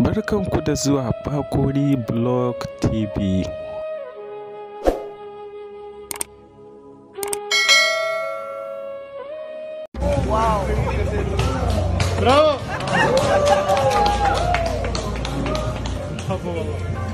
Barkanku da zuwa Bakori Blog TV. Bravo. Bravo.